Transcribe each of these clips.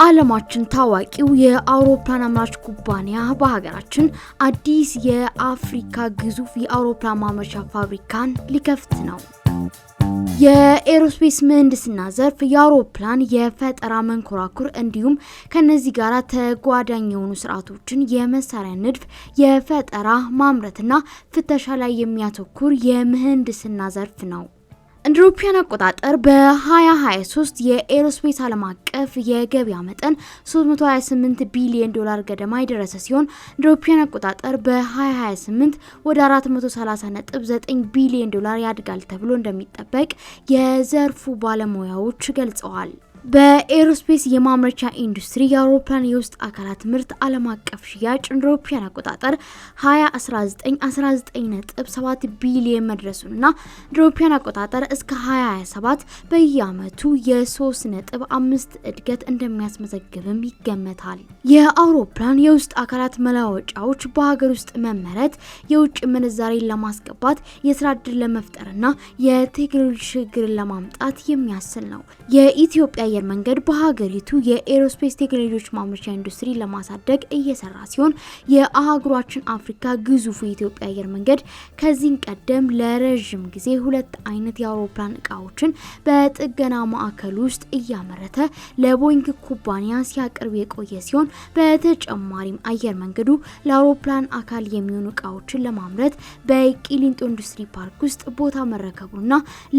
የዓለማችን ታዋቂው የአውሮፕላን አምራች ኩባንያ በሀገራችን አዲስ የአፍሪካ ግዙፍ የአውሮፕላን ማመሻ ፋብሪካን ሊከፍት ነው። የኤሮስፔስ ምህንድስና ዘርፍ የአውሮፕላን የፈጠራ መንኮራኩር እንዲሁም ከነዚህ ጋር ተጓዳኝ የሆኑ ስርዓቶችን የመሳሪያ ንድፍ፣ የፈጠራ ማምረትና ፍተሻ ላይ የሚያተኩር የምህንድስና ዘርፍ ነው። እንደ ኢሮፓውያን አቆጣጠር በ2023 የኤሮስፔስ ዓለም አቀፍ የገበያ መጠን 328 ቢሊዮን ዶላር ገደማ የደረሰ ሲሆን እንደ ኢሮፓውያን አቆጣጠር በ2028 ወደ 430.9 ቢሊዮን ዶላር ያድጋል ተብሎ እንደሚጠበቅ የዘርፉ ባለሙያዎች ገልጸዋል። በኤሮስፔስ የማምረቻ ኢንዱስትሪ የአውሮፕላን የውስጥ አካላት ምርት ዓለም አቀፍ ሽያጭ እንደ አውሮፓውያን አቆጣጠር 2019 19.7 ቢሊየን መድረሱንና እንደ አውሮፓውያን አቆጣጠር እስከ 2027 በየአመቱ የ3.5 እድገት እንደሚያስመዘግብም ይገመታል። የአውሮፕላን የውስጥ አካላት መለዋወጫዎች በሀገር ውስጥ መመረት የውጭ ምንዛሬን ለማስገባት የስራ እድል ለመፍጠርና የቴክኖሎጂ ሽግግርን ለማምጣት የሚያስችል ነው። የኢትዮጵያ አየር መንገድ በሀገሪቱ የኤሮስፔስ ቴክኖሎጂዎች ማምረቻ ኢንዱስትሪ ለማሳደግ እየሰራ ሲሆን የአህጉራችን አፍሪካ ግዙፉ የኢትዮጵያ አየር መንገድ ከዚህ ቀደም ለረዥም ጊዜ ሁለት አይነት የአውሮፕላን እቃዎችን በጥገና ማዕከል ውስጥ እያመረተ ለቦይንግ ኩባንያ ሲያቀርብ የቆየ ሲሆን በተጨማሪም አየር መንገዱ ለአውሮፕላን አካል የሚሆኑ እቃዎችን ለማምረት በቂሊንጦ ኢንዱስትሪ ፓርክ ውስጥ ቦታ መረከቡና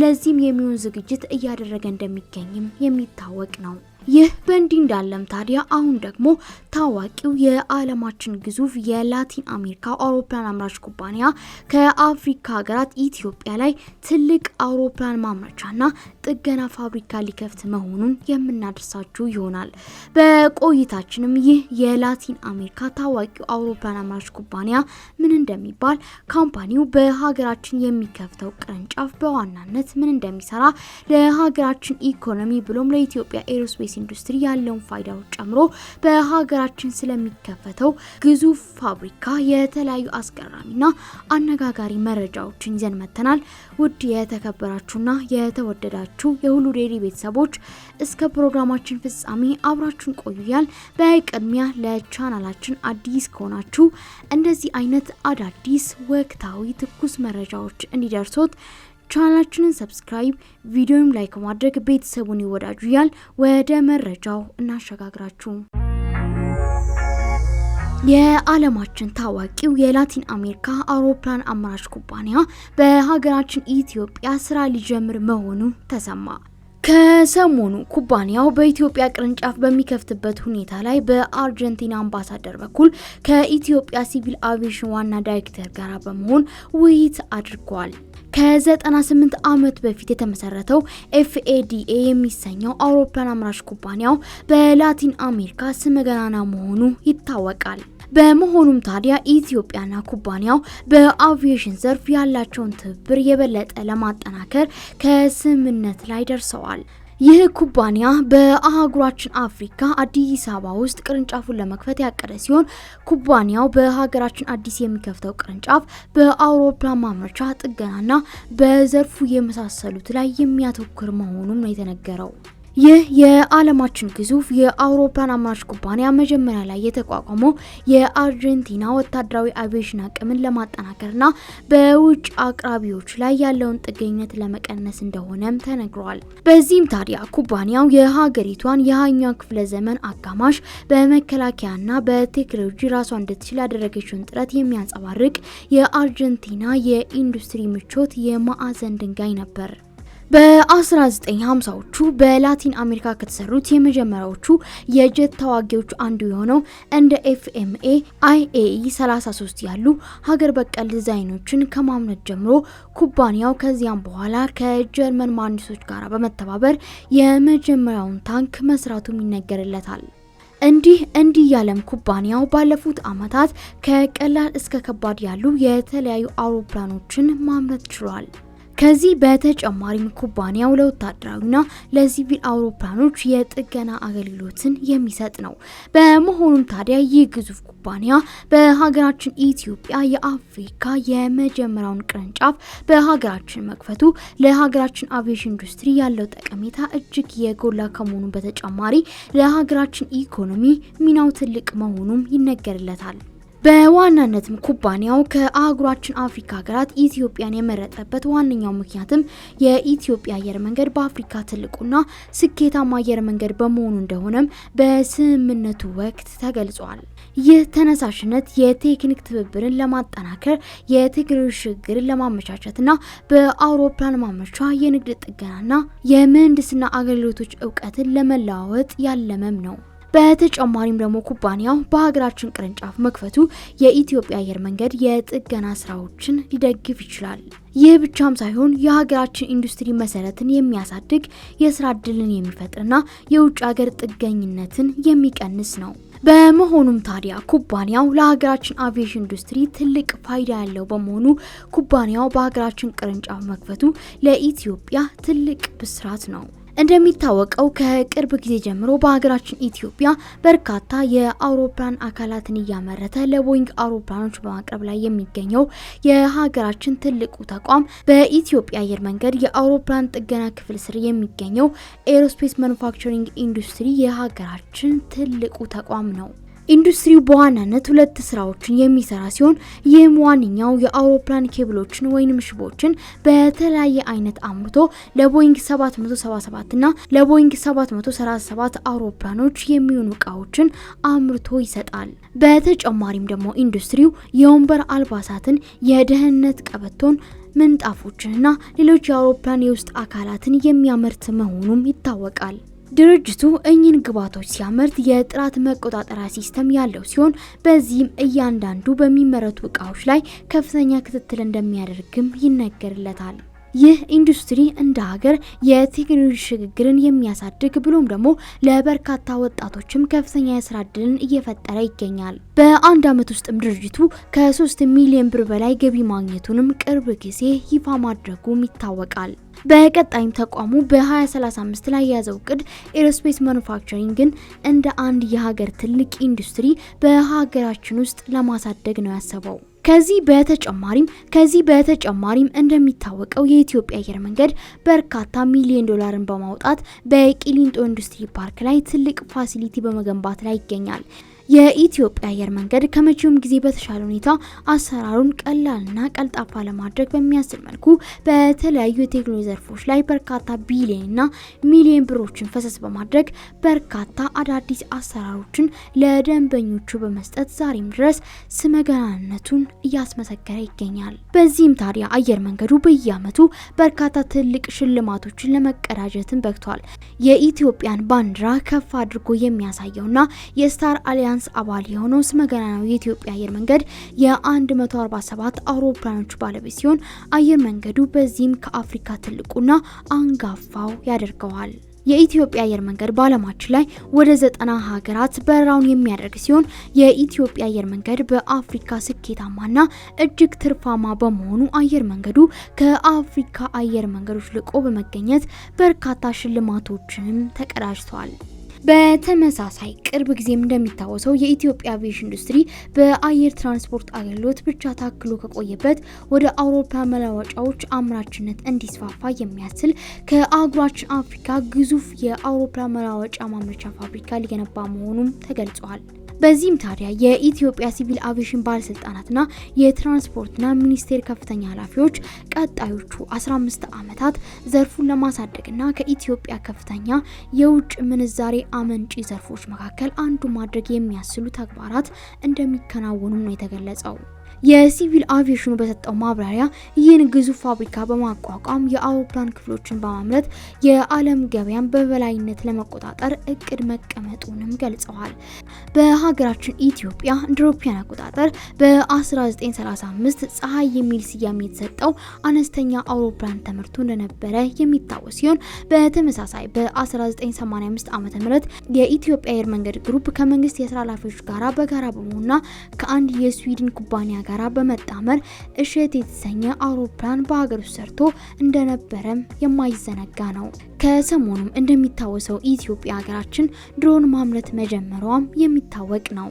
ለዚህም የሚሆን ዝግጅት እያደረገ እንደሚገኝም የሚታ የሚታወቅ ነው። ይህ በእንዲህ እንዳለም ታዲያ አሁን ደግሞ ታዋቂው የዓለማችን ግዙፍ የላቲን አሜሪካ አውሮፕላን አምራች ኩባንያ ከአፍሪካ ሀገራት ኢትዮጵያ ላይ ትልቅ አውሮፕላን ማምረቻና ጥገና ፋብሪካ ሊከፍት መሆኑን የምናደርሳችሁ ይሆናል። በቆይታችንም ይህ የላቲን አሜሪካ ታዋቂው አውሮፕላን አምራች ኩባንያ ምን እንደሚባል፣ ካምፓኒው በሀገራችን የሚከፍተው ቅርንጫፍ በዋናነት ምን እንደሚሰራ፣ ለሀገራችን ኢኮኖሚ ብሎም ለኢትዮጵያ ኤሮስፔስ ኢንዱስትሪ ያለውን ፋይዳዎች ጨምሮ በሀገራችን ስለሚከፈተው ግዙፍ ፋብሪካ የተለያዩ አስገራሚና አነጋጋሪ መረጃዎችን ይዘን መጥተናል። ውድ የተከበራችሁና የተወደዳችሁ የሁሉ ዴይሊ ቤተሰቦች እስከ ፕሮግራማችን ፍጻሜ አብራችሁን ቆዩያል። በቅድሚያ ለቻናላችን አዲስ ከሆናችሁ እንደዚህ አይነት አዳዲስ ወቅታዊ ትኩስ መረጃዎች እንዲደርሶት ቻናላችንን ሰብስክራይብ፣ ቪዲዮም ላይክ ማድረግ ቤተሰቡን ይወዳጁ እያል ወደ መረጃው እናሸጋግራችሁ። የዓለማችን ታዋቂው የላቲን አሜሪካ አውሮፕላን አምራች ኩባንያ በሀገራችን ኢትዮጵያ ስራ ሊጀምር መሆኑ ተሰማ። ከሰሞኑ ኩባንያው በኢትዮጵያ ቅርንጫፍ በሚከፍትበት ሁኔታ ላይ በአርጀንቲና አምባሳደር በኩል ከኢትዮጵያ ሲቪል አቪዬሽን ዋና ዳይሬክተር ጋር በመሆን ውይይት አድርጓል። ከ98 ዓመት በፊት የተመሰረተው ኤፍኤዲኤ የሚሰኘው አውሮፕላን አምራች ኩባንያው በላቲን አሜሪካ ስመ ገናና መሆኑ ይታወቃል። በመሆኑም ታዲያ ኢትዮጵያና ኩባንያው በአቪዬሽን ዘርፍ ያላቸውን ትብብር የበለጠ ለማጠናከር ከስምምነት ላይ ደርሰዋል። ይህ ኩባንያ በአህጉራችን አፍሪካ አዲስ አበባ ውስጥ ቅርንጫፉን ለመክፈት ያቀደ ሲሆን ኩባንያው በሀገራችን አዲስ የሚከፍተው ቅርንጫፍ በአውሮፕላን ማምረቻ ጥገናና በዘርፉ የመሳሰሉት ላይ የሚያተኩር መሆኑም ነው የተነገረው። ይህ የዓለማችን ግዙፍ የአውሮፕላን አምራች ኩባንያ መጀመሪያ ላይ የተቋቋመው የአርጀንቲና ወታደራዊ አቪዬሽን አቅምን ለማጠናከርና በውጭ አቅራቢዎች ላይ ያለውን ጥገኝነት ለመቀነስ እንደሆነም ተነግሯል። በዚህም ታዲያ ኩባንያው የሀገሪቷን የሃያኛው ክፍለ ዘመን አጋማሽ በመከላከያና በቴክኖሎጂ ራሷ እንድትችል ያደረገችውን ጥረት የሚያንጸባርቅ የአርጀንቲና የኢንዱስትሪ ምቾት የማዕዘን ድንጋይ ነበር። በ1950ዎቹ በላቲን አሜሪካ ከተሰሩት የመጀመሪያዎቹ የጀት ተዋጊዎች አንዱ የሆነው እንደ ኤፍኤምኤ አይኤኢ 33 ያሉ ሀገር በቀል ዲዛይኖችን ከማምረት ጀምሮ ኩባንያው ከዚያም በኋላ ከጀርመን ማንዲሶች ጋር በመተባበር የመጀመሪያውን ታንክ መስራቱም ይነገርለታል። እንዲህ እንዲህ ያለም ኩባንያው ባለፉት ዓመታት ከቀላል እስከ ከባድ ያሉ የተለያዩ አውሮፕላኖችን ማምረት ችሏል። ከዚህ በተጨማሪም ኩባንያው ለወታደራዊና ለሲቪል አውሮፕላኖች የጥገና አገልግሎትን የሚሰጥ ነው። በመሆኑም ታዲያ ይህ ግዙፍ ኩባንያ በሀገራችን ኢትዮጵያ የአፍሪካ የመጀመሪያውን ቅርንጫፍ በሀገራችን መክፈቱ ለሀገራችን አቪዬሽን ኢንዱስትሪ ያለው ጠቀሜታ እጅግ የጎላ ከመሆኑ በተጨማሪ ለሀገራችን ኢኮኖሚ ሚናው ትልቅ መሆኑም ይነገርለታል። በዋናነትም ኩባንያው ከአህጉራችን አፍሪካ ሀገራት ኢትዮጵያን የመረጠበት ዋነኛው ምክንያትም የኢትዮጵያ አየር መንገድ በአፍሪካ ትልቁና ስኬታማ አየር መንገድ በመሆኑ እንደሆነም በስምምነቱ ወቅት ተገልጿል። ይህ ተነሳሽነት የቴክኒክ ትብብርን ለማጠናከር፣ የቴክኖሎጂ ሽግግርን ለማመቻቸትና በአውሮፕላን ማመቻ የንግድ ጥገናና የምህንድስና አገልግሎቶች እውቀትን ለመለዋወጥ ያለመም ነው። በተጨማሪም ደግሞ ኩባንያው በሀገራችን ቅርንጫፍ መክፈቱ የኢትዮጵያ አየር መንገድ የጥገና ስራዎችን ሊደግፍ ይችላል። ይህ ብቻም ሳይሆን የሀገራችን ኢንዱስትሪ መሰረትን የሚያሳድግ የስራ እድልን የሚፈጥርና የውጭ ሀገር ጥገኝነትን የሚቀንስ ነው። በመሆኑም ታዲያ ኩባንያው ለሀገራችን አቪዬሽን ኢንዱስትሪ ትልቅ ፋይዳ ያለው በመሆኑ ኩባንያው በሀገራችን ቅርንጫፍ መክፈቱ ለኢትዮጵያ ትልቅ ብስራት ነው። እንደሚታወቀው ከቅርብ ጊዜ ጀምሮ በሀገራችን ኢትዮጵያ በርካታ የአውሮፕላን አካላትን እያመረተ ለቦይንግ አውሮፕላኖች በማቅረብ ላይ የሚገኘው የሀገራችን ትልቁ ተቋም በኢትዮጵያ አየር መንገድ የአውሮፕላን ጥገና ክፍል ስር የሚገኘው ኤሮስፔስ ማኑፋክቸሪንግ ኢንዱስትሪ የሀገራችን ትልቁ ተቋም ነው። ኢንዱስትሪው በዋናነት ሁለት ስራዎችን የሚሰራ ሲሆን ይህም ዋነኛው የአውሮፕላን ኬብሎችን ወይም ሽቦችን በተለያየ አይነት አምርቶ ለቦይንግ 777 እና ለቦይንግ 737 አውሮፕላኖች የሚሆኑ እቃዎችን አምርቶ ይሰጣል። በተጨማሪም ደግሞ ኢንዱስትሪው የወንበር አልባሳትን፣ የደህንነት ቀበቶን ምንጣፎችንና ሌሎች የአውሮፕላን የውስጥ አካላትን የሚያመርት መሆኑም ይታወቃል። ድርጅቱ እኚህን ግብዓቶች ሲያመርት የጥራት መቆጣጠሪያ ሲስተም ያለው ሲሆን በዚህም እያንዳንዱ በሚመረቱ እቃዎች ላይ ከፍተኛ ክትትል እንደሚያደርግም ይነገርለታል። ይህ ኢንዱስትሪ እንደ ሀገር የቴክኖሎጂ ሽግግርን የሚያሳድግ ብሎም ደግሞ ለበርካታ ወጣቶችም ከፍተኛ የስራ እድልን እየፈጠረ ይገኛል። በአንድ ዓመት ውስጥም ድርጅቱ ከ ከ3 ሚሊዮን ብር በላይ ገቢ ማግኘቱንም ቅርብ ጊዜ ይፋ ማድረጉም ይታወቃል። በቀጣይም ተቋሙ በ2035 ላይ የያዘው እቅድ ኤሮስፔስ ማኑፋክቸሪንግን እንደ አንድ የሀገር ትልቅ ኢንዱስትሪ በሀገራችን ውስጥ ለማሳደግ ነው ያሰበው። ከዚህ በተጨማሪም ከዚህ በተጨማሪም እንደሚታወቀው የኢትዮጵያ አየር መንገድ በርካታ ሚሊዮን ዶላርን በማውጣት በቂሊንጦ ኢንዱስትሪ ፓርክ ላይ ትልቅ ፋሲሊቲ በመገንባት ላይ ይገኛል። የኢትዮጵያ አየር መንገድ ከመቼውም ጊዜ በተሻለ ሁኔታ አሰራሩን ቀላልና ቀልጣፋ ለማድረግ በሚያስችል መልኩ በተለያዩ የቴክኖሎጂ ዘርፎች ላይ በርካታ ቢሊዮንና ሚሊዮን ብሮችን ፈሰስ በማድረግ በርካታ አዳዲስ አሰራሮችን ለደንበኞቹ በመስጠት ዛሬም ድረስ ስመገናነቱን እያስመሰከረ ይገኛል። በዚህም ታዲያ አየር መንገዱ በየዓመቱ በርካታ ትልቅ ሽልማቶችን ለመቀዳጀትን በቅቷል። የኢትዮጵያን ባንዲራ ከፍ አድርጎ የሚያሳየውና የስታር አሊያንስ አሊያንስ አባል የሆነው ስመ የኢትዮጵያ አየር መንገድ የ147 አውሮፕላኖች ባለቤት ሲሆን አየር መንገዱ በዚህም ከአፍሪካ ትልቁና አንጋፋው ያደርገዋል። የኢትዮጵያ አየር መንገድ በዓለማችን ላይ ወደ ዘጠና ሀገራት በረራውን የሚያደርግ ሲሆን የኢትዮጵያ አየር መንገድ በአፍሪካ ስኬታማና እጅግ ትርፋማ በመሆኑ አየር መንገዱ ከአፍሪካ አየር መንገዶች ልቆ በመገኘት በርካታ ሽልማቶችንም ተቀዳጅቷል። በተመሳሳይ ቅርብ ጊዜም እንደሚታወሰው የኢትዮጵያ አቪዬሽን ኢንዱስትሪ በአየር ትራንስፖርት አገልግሎት ብቻ ታክሎ ከቆየበት ወደ አውሮፓ መለዋወጫዎች አምራችነት እንዲስፋፋ የሚያስችል ከአህጉራችን አፍሪካ ግዙፍ የአውሮፕላን መለዋወጫ ማምረቻ ፋብሪካ ሊገነባ መሆኑም ተገልጿል። በዚህም ታዲያ የኢትዮጵያ ሲቪል አቪዬሽን ባለስልጣናትና የትራንስፖርትና ሚኒስቴር ከፍተኛ ኃላፊዎች ቀጣዮቹ 15 ዓመታት ዘርፉን ለማሳደግና ከኢትዮጵያ ከፍተኛ የውጭ ምንዛሬ አመንጪ ዘርፎች መካከል አንዱ ማድረግ የሚያስችሉ ተግባራት እንደሚከናወኑ ነው የተገለጸው። የሲቪል አቪዬሽኑ በሰጠው ማብራሪያ ይህን ግዙፍ ፋብሪካ በማቋቋም የአውሮፕላን ክፍሎችን በማምረት የዓለም ገበያን በበላይነት ለመቆጣጠር እቅድ መቀመጡንም ገልጸዋል። በሀገራችን ኢትዮጵያ እንደ አውሮፓውያን አቆጣጠር በ1935 ፀሐይ የሚል ስያሜ የተሰጠው አነስተኛ አውሮፕላን ተመርቶ እንደነበረ የሚታወስ ሲሆን በተመሳሳይ በ1985 ዓ ም የኢትዮጵያ አየር መንገድ ግሩፕ ከመንግስት የስራ ኃላፊዎች ጋራ በጋራ በመሆንና ከአንድ የስዊድን ኩባንያ ጋር በመጣመር እሸት የተሰኘ አውሮፕላን በሀገር ውስጥ ሰርቶ እንደነበረም የማይዘነጋ ነው። ከሰሞኑም እንደሚታወሰው ኢትዮጵያ ሀገራችን ድሮን ማምረት መጀመሯም የሚታወቅ ነው።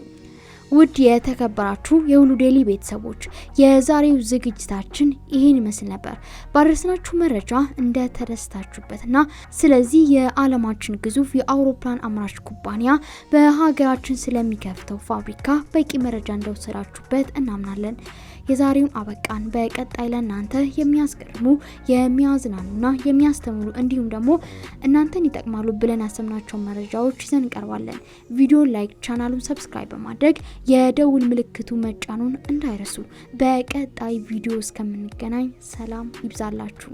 ውድ የተከበራችሁ የሁሉ ዴይሊ ቤተሰቦች የዛሬው ዝግጅታችን ይህን ይመስል ነበር። ባደረስናችሁ መረጃ ና ስለዚህ የዓለማችን ግዙፍ የአውሮፕላን አምራች ኩባንያ በሀገራችን ስለሚከፍተው ፋብሪካ በቂ መረጃ እንደወሰዳችሁበት እናምናለን። የዛሬውን አበቃን። በቀጣይ ለእናንተ የሚያስገርሙ የሚያዝናኑና የሚያስተምሩ እንዲሁም ደግሞ እናንተን ይጠቅማሉ ብለን ያሰብናቸውን መረጃዎች ይዘን እንቀርባለን። ቪዲዮ ላይክ፣ ቻናሉን ሰብስክራይብ በማድረግ የደውል ምልክቱ መጫኑን እንዳይረሱ። በቀጣይ ቪዲዮ እስከምንገናኝ ሰላም ይብዛላችሁ።